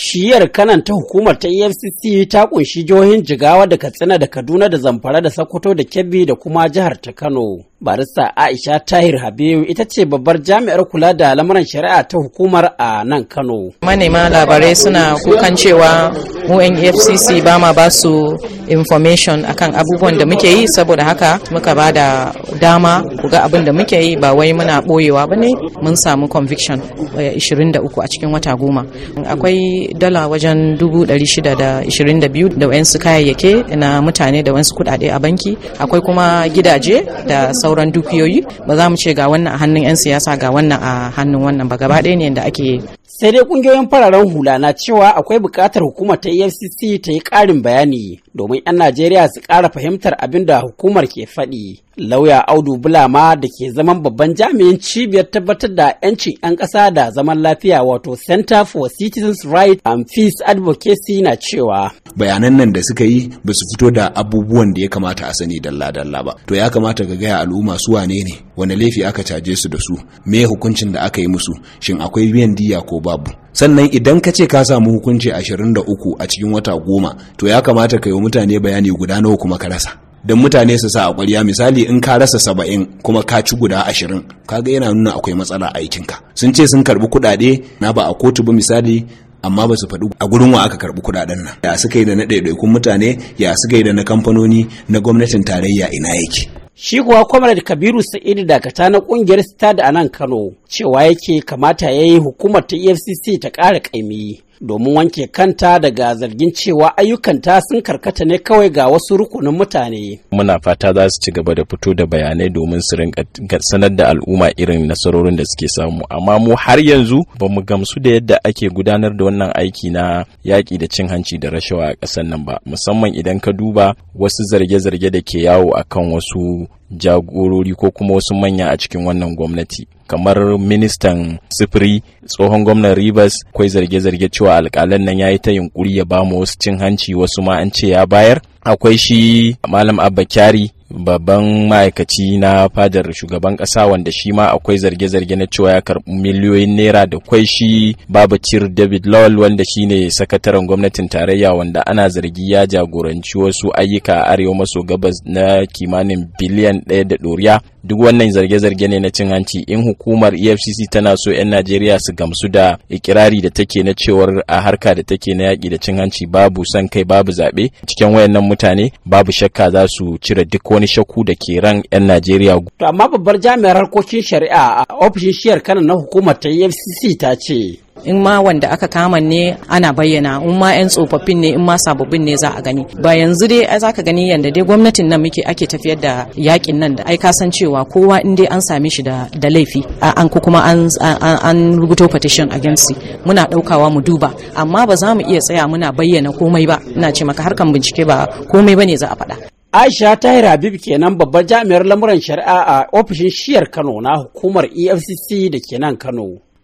Shiyar kanan ta hukumar ta EFCC ta kunshi jihohin Jigawa da Katsina da Kaduna da Zamfara da Sokoto da Kebbi da kuma jihar ta Kano. Barista Aisha Tahir Habibu ita ce babbar jami'ar kula da lamuran shari'a ta hukumar a nan Kano. Manema labarai suna kukan cewa mu EFCC ba ma ba su information akan abubuwan da muke yi saboda haka muka ba da dama ku ga abin da muke yi ba wai muna boyewa ba ne mun samu conviction 23 eh, a cikin wata goma. Akwai dala wajen 622 da wayansu kayayyake na mutane da wayansu kudade a banki akwai kuma gidaje da sauran dukiyoyi ba za mu ce ga wannan a hannun 'yan siyasa ga wannan a hannun wannan ba gaba ɗaya ne da ake sai dai kungiyoyin fararen hula na cewa akwai bukatar hukumar ta efcc ta yi ƙarin bayani domin 'yan najeriya su ƙara fahimtar abin da hukumar ke faɗi lauya audu bulama da ke zaman babban jami'in cibiyar tabbatar da 'yancin 'yan ƙasa da zaman lafiya wato center for citizens Rights and peace advocacy na cewa bayanan nan da suka yi ba su fito da abubuwan da ya kamata a sani dalla-dalla ba to ya kamata ka gaya al'umma su wane ne wani laifi aka caje su da su me hukuncin da aka yi musu shin akwai biyan diya ko babu sannan idan ka ce ka samu hukunci 23 a cikin wata goma to ya kamata ka yi mutane bayani guda nawa kuma ka rasa don mutane su sa a ƙwarya misali in ka rasa saba'in kuma ka ci guda ashirin kaga yana nuna akwai matsala aikinka sun ce sun karbi kuɗaɗe na ba a kotu ba misali amma ba su faɗi a gurin wa aka karɓi kuɗaɗen nan ya suka yi da na ɗaiɗaikun mutane ya suka yi da na kamfanoni na gwamnatin tarayya ina yake Shi kuwa Comrade Kabiru Sa'idu Dakata na ƙungiyar Sita da anan Kano cewa yake kamata ya yi hukumar ta EFCC ta ƙara ƙaimi domin wanke kanta daga zargin cewa ayyukanta sun karkata ne kawai ga wasu rukunin mutane. Muna fata za su ci gaba da fito da bayanai domin su rinka sanar da al'umma irin nasarorin da suke samu amma mu har yanzu ba mu gamsu da yadda ake gudanar da wannan aiki na yaƙi da cin hanci da rashawa a ƙasar nan ba musamman idan ka duba wasu zarge-zarge da ke yawo akan wasu jagorori ko kuma wasu manya a cikin wannan gwamnati. kamar ministan sifiri tsohon gwamnan rivers akwai zarge-zarge cewa alkalan nan ya yi ta yunkuri ya ba mu wasu cin hanci wasu ma an ce ya bayar akwai shi malam abba kyari babban ma'aikaci na fadar shugaban kasa wanda shi ma akwai zarge-zarge na cewa ya karbi miliyoyin naira da kwai shi babacir david lowell wanda shi ne sakataren gwamnatin tarayya wanda ana zargi ya jagoranci wasu ayyuka a arewa maso gabas na kimanin biliyan ɗaya da ɗoriya duk wannan zarge-zarge ne na cin hanci in hukumar efcc tana so 'yan najeriya su gamsu da ikirari da take na cewar a harka da take na yaƙi da cin hanci babu son kai babu zaɓe cikin wayannan mutane babu shakka za su cire duk wani shakku da ke ran 'yan najeriya to amma babbar jami'ar harkokin shari'a a ofishin shiyar kanan na hukumar ta efcc ta ce in ma wanda aka kama ne ana bayyana in ma 'yan tsofaffin ne in ma sababbin ne za a gani ba yanzu dai za ka gani yanda dai gwamnatin nan muke ake tafiyar da yakin nan da ai ka san cewa kowa in dai an same shi da laifi an ko kuma an rubuto petition against muna daukawa mu duba amma ba za mu iya tsaya muna bayyana komai ba ina ce maka harkan bincike ba komai bane za a faɗa Aisha Tahir Habib kenan babbar jami'ar lamuran shari'a a ofishin shiyar Kano na hukumar EFCC da ke nan Kano.